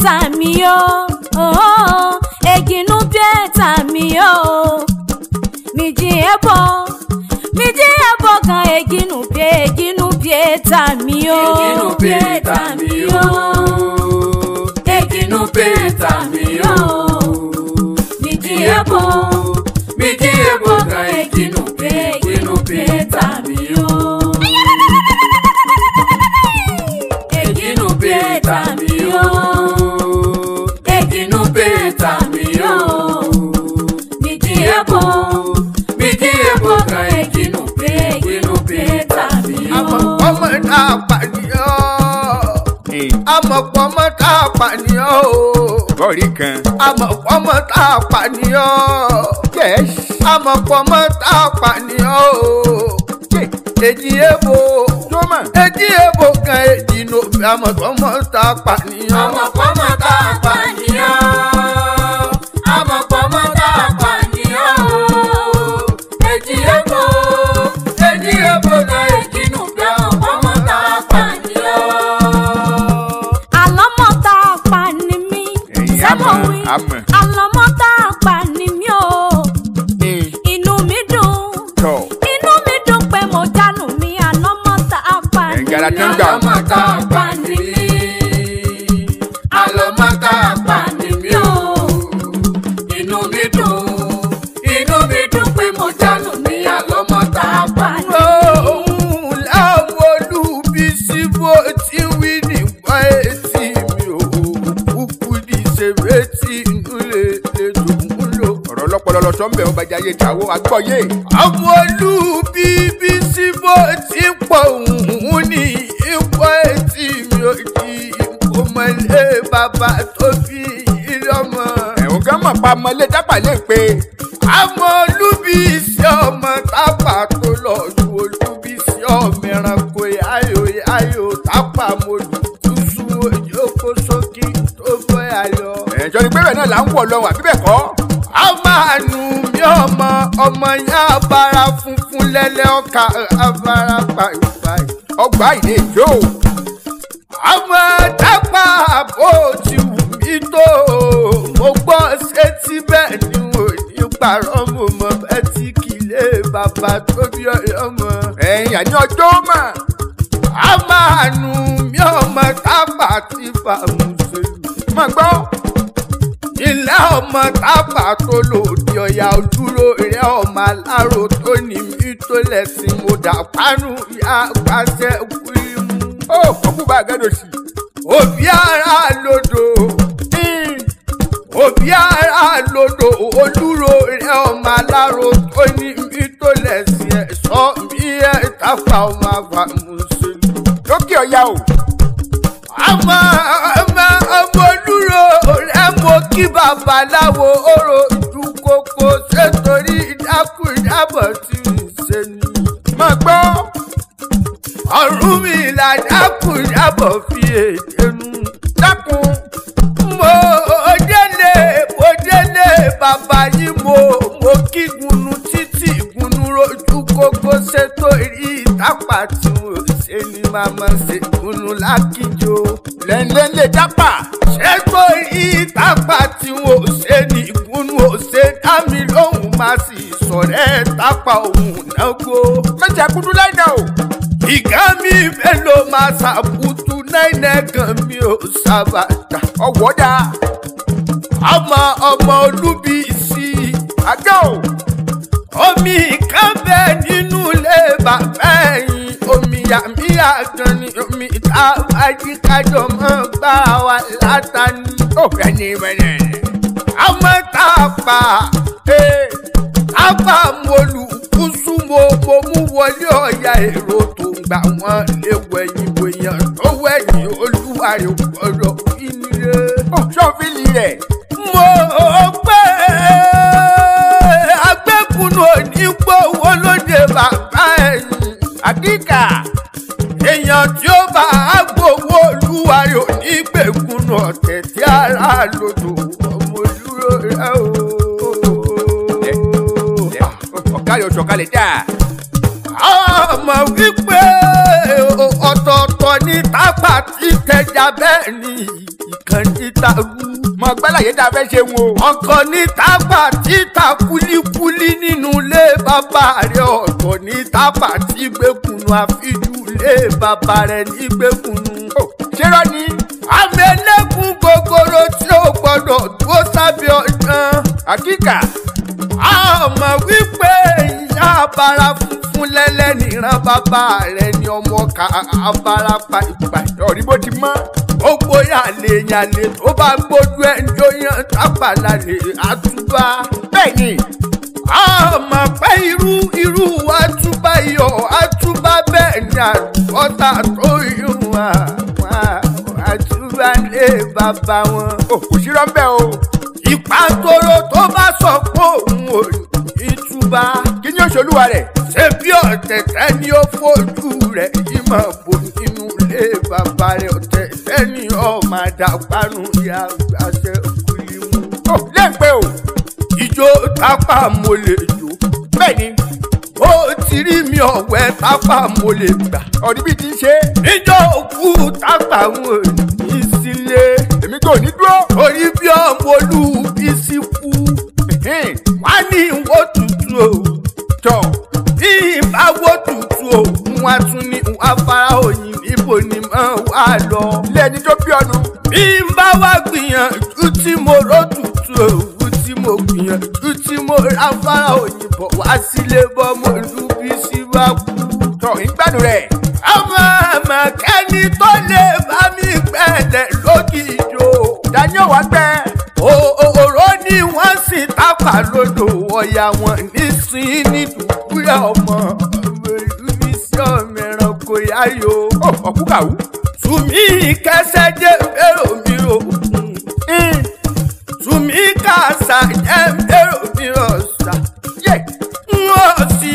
ẹ̀ta mi o eginu bí ẹ̀ta mi o ebo, mi mìjì ebo kan eginu bí eginu bí ẹ̀ta mi o eginu bí ẹ̀ta mi. àmọ̀pọ̀ mọ́ tá a pànìyàn o. bọ́ọ̀rì kan. àmọ̀pọ̀ mọ́ tá a pànìyàn. yes. àmọ̀pọ̀ mọ́ tá a pànìyàn o. èjì èbò. jọ́mọ̀. èjì èbò kan èjì nòbí àmọ̀pọ̀ mọ́ tá a pànìyàn. àmọ̀pọ̀ mọ́ àgbọ̀yé tàwo àgbọ̀yé. àwọn olúbíbí tí mo ti pọ̀ òun ní ipò etí mi ò di ipò bàbá tó bí ìlọ́mọ. ẹ̀hún gan mọ̀ pa mọ́lé dápà lè pe. àmọ́ olúbísí ọmọ tápà tó lọ ju olúbísí ọmọ ẹranko ayò ayò tápà mo lù túṣu ojókòó sókè tó bọ́ ayọ̀. ẹ̀jọ̀ ni pé náà là ń wọ̀ lọ́wọ́ àbí bẹ́ẹ̀ kọ́. a máa bí ọmọ ọmọ yẹn abara funfun lẹ́lẹ́ ọkà abara pàìpàì ọgbà ìdèjò. àwọn dápà bó ti wù mí tó mo gbọ́ sétí bẹ́ẹ̀ ni mo ní parọ́ mo mọ bẹ́ẹ̀ tí kì í lé bàbá tó bí ọyọ́ mọ. ẹ̀yìn àní ọjọ́ mà á máa nu mí ọmọ tábà tí fàmùsẹ̀ mọ̀ gbọ́ ilé ọmọ tábà tó lò malaro tó ní mi tó lẹ́sìn mo dà pánú ìyá pàṣẹ wíwú. ó kọ́kú bá gẹ́dọ̀ sí. òbí ara lodò hmm. òbí ara lodò olúro rẹ ọmọ tó ní mi tó lẹ́sìn ẹ̀ sọ mí ẹ̀ tàfà ọmọ àfà mùsùlùmí. lókè ọ̀yá o. àmọ́ ọmọ ọmọ olúro rẹ mo kí babaláwo oró gúnnú títì gúnnú rojú kókó se tó rí ìtàpá tí mo ṣe ni màmá ṣe gúnnú lákìjọ. lẹ́ńlẹ́ńlẹ́ jápà ṣé tó rí ìtàpá tí mo ṣe ni gúnnú ò ṣe dá mi lóhùn má sì sọ̀rẹ́ tápá òun náà kó. méjì àkúdú láì náà o. ìgá mi mélòó máa ṣàkútú náírà kan mi ò sábà ta àmọ́ ọmọ olúbi sí i. àgọ́ omi kan bẹ nínú ilé bàbá ẹ̀yìn omi yàmíyà gan ni omi tá a bá jí kájọ mọ́ gbá wa látàní ó fẹ́ ní wẹ́rẹ́ ọmọ tá a fà á fà mọ́ olùkúsù mo mo mú wọlé ọ̀yà èrò tó ń gbà wọ́n léwọ̀ ẹ̀yìn bóyán tó wẹ̀yìn olúwa yóò gbọ́dọ̀ fi nílé. sọ́fìlì rẹ̀ mo pẹ́. ipò wo ló dé bàbá ẹ̀yìn àkíkà èèyàn tí ó bá gbowó olúwa ní gbẹ̀gùn ọ̀tẹ̀ tí ara lòdò ọmọ olúro rẹ o. ọ̀kàlẹ̀ ọ̀ṣọ̀kalẹ̀ dà. ọmọ wípé ọ̀tọ̀ọ̀tọ̀ ní tápà tí tẹja bẹ́ẹ̀ ni ìkànnì ta wú ọmọ gbẹ́láyé dá fẹ́ ṣe wọn. ọkọ ní tápà títa kúlíkúlí nínú ilé bàbá rẹ̀ ọkọ ní tápà tí gbẹkùnú àfijù ilé bàbá rẹ̀ ní gbẹkùnú. ṣé rọ ni. amẹ́lẹ́kùn gogoro tí ó gbọ́dọ̀ tó sábẹ́ ọ̀sán. àkíkà a mọ̀ wípé ìyá abara fún ìran bàbá rẹ̀ ni ọmọ ká abarapa ìgbàdàn rí bó ti mọ́ ó gbóyà lè yàlè tó bá gbójú ẹ̀ ń jóyàn tápàlà lè àtúbà. bẹ́ẹ̀ni àmọ́ pé irú irú àtúbà yọ àtúbà bẹ́ẹ̀ ni àtúbọ̀tà tó yùn wá àtúbà lé bàbá wọn. òkú sírọ́ bẹ́ẹ̀ o ìpàkóró ṣolúwa rẹ̀ ṣé bí ọ̀tẹ̀tẹ̀ ni ó fojú rẹ̀ yìí máa bò nínú ilé bàbá rẹ̀ ọ̀tẹ̀tẹ̀ ni ọmọ àdàpánu ìyá àṣẹ òkúlì mú. ó lẹ́gbẹ̀ẹ́ o ìjó tápá mo lè jó bẹ́ẹ̀ ni ó ti rí mi ọ̀wẹ́ tápá mo lè gbà ọ̀rí bí ti ṣe. ìjọ òkú tápá wọn ní sílé èmi kò ní dúró. orí bí ọmọ olú bí sí kú wá ní ìwọ́ tuntun o tọ̀ ìbá wo tutù òun wá tún ní afárá òyìn ibo ni mọ́ wá lọ. lẹ́ni tó bí ọ̀nà. bí n bá wá gbìyànjú tí mo ró tutù òun tí mo gbìyànjú tí mo ráfárá òyìn bọ̀ wá sílé bọ́ mo lù bí sí wá kú. tọ̀ ìgbàdùn rẹ̀. ọmọ àmọ̀ tó lè bá mi gbẹ̀lẹ̀ lókìjọ. daniel wá gbẹ. òòró ni wọ́n sì tápà lódò ọ̀yà wọn ní sí nílùú kúyà ọmọ ìdúní sí ọmọ ẹranko yáyò ọkùkàwù. tùmí kẹsẹ jẹ mẹrọ mi o hmm. tùmí kàṣà jẹ mẹrọ mi ọ̀sà wọ́n sì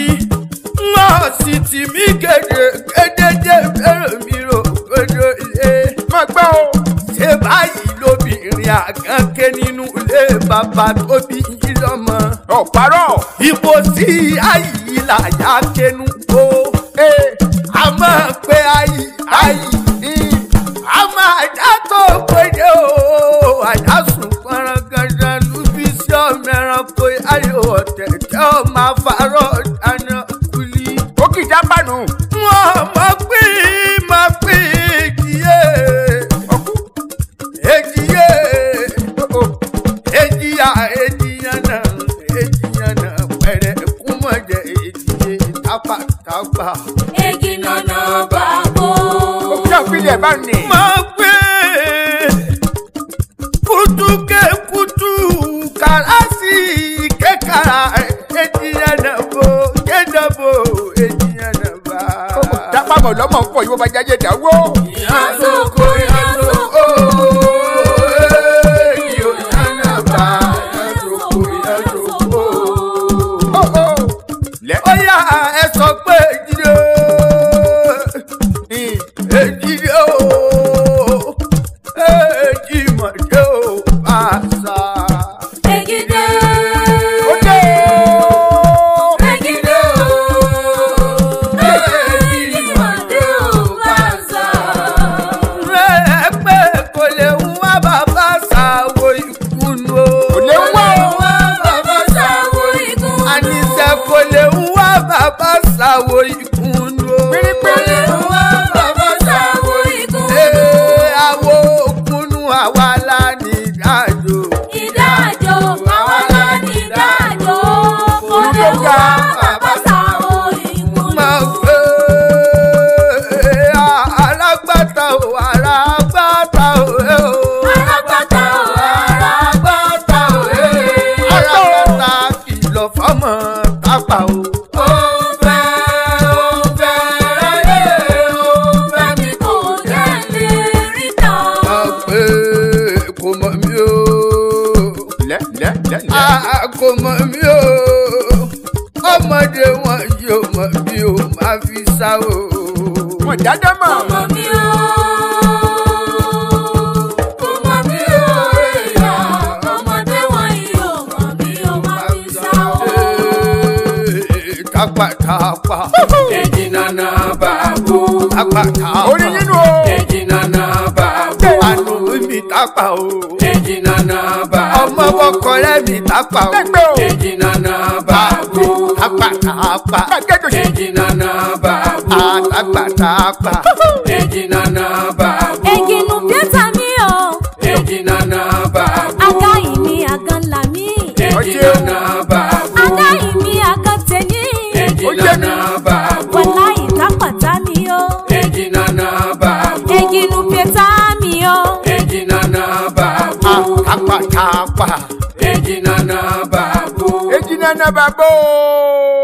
wọ́n sì tì mí kéde kéde jẹ mẹrọ mi o gbọdọ ilé má gbọ́ o báyìí lóbìnrin àgànkẹ́ nínú ilé bàbá tó bí lọ́mọ ọ̀párọ̀ ipò tí àyílà yá kẹnu o a máa ayi ayi. Alto. mọ̀dádámà. ọmọ mi ò. ọmọ mi ò èyà ọmọdé wọ̀nyí ò kàn mí ò má fi sá o. kápákápá. èjì nana bàbú. kápákápá. orí nínú o. èjì nana bàbú. àánú mi tápà o. èjì nana bàbú. ọmọ ọkọ mi tápà o. èjì nana bàbú. kápákápá. èjì nana tágbàtágbà. Èjì nànà bàbá. Èjì nù bíẹ́tà mi o. Èjì nànà bàbá. Àga yìí ni àga ńlá mi. Èjì nànà bàbá. Àga yìí ni àga tẹ̀yìn. Èjì nànà bàbá. Wàlá ìtàpàtà ni o. Èjì nànà bàbá. Èjì nù bíẹ́tà mi o. Èjì nànà bàbá. Àpàtàpà. Èjì nànà bàbá. Èjì nànà bàbá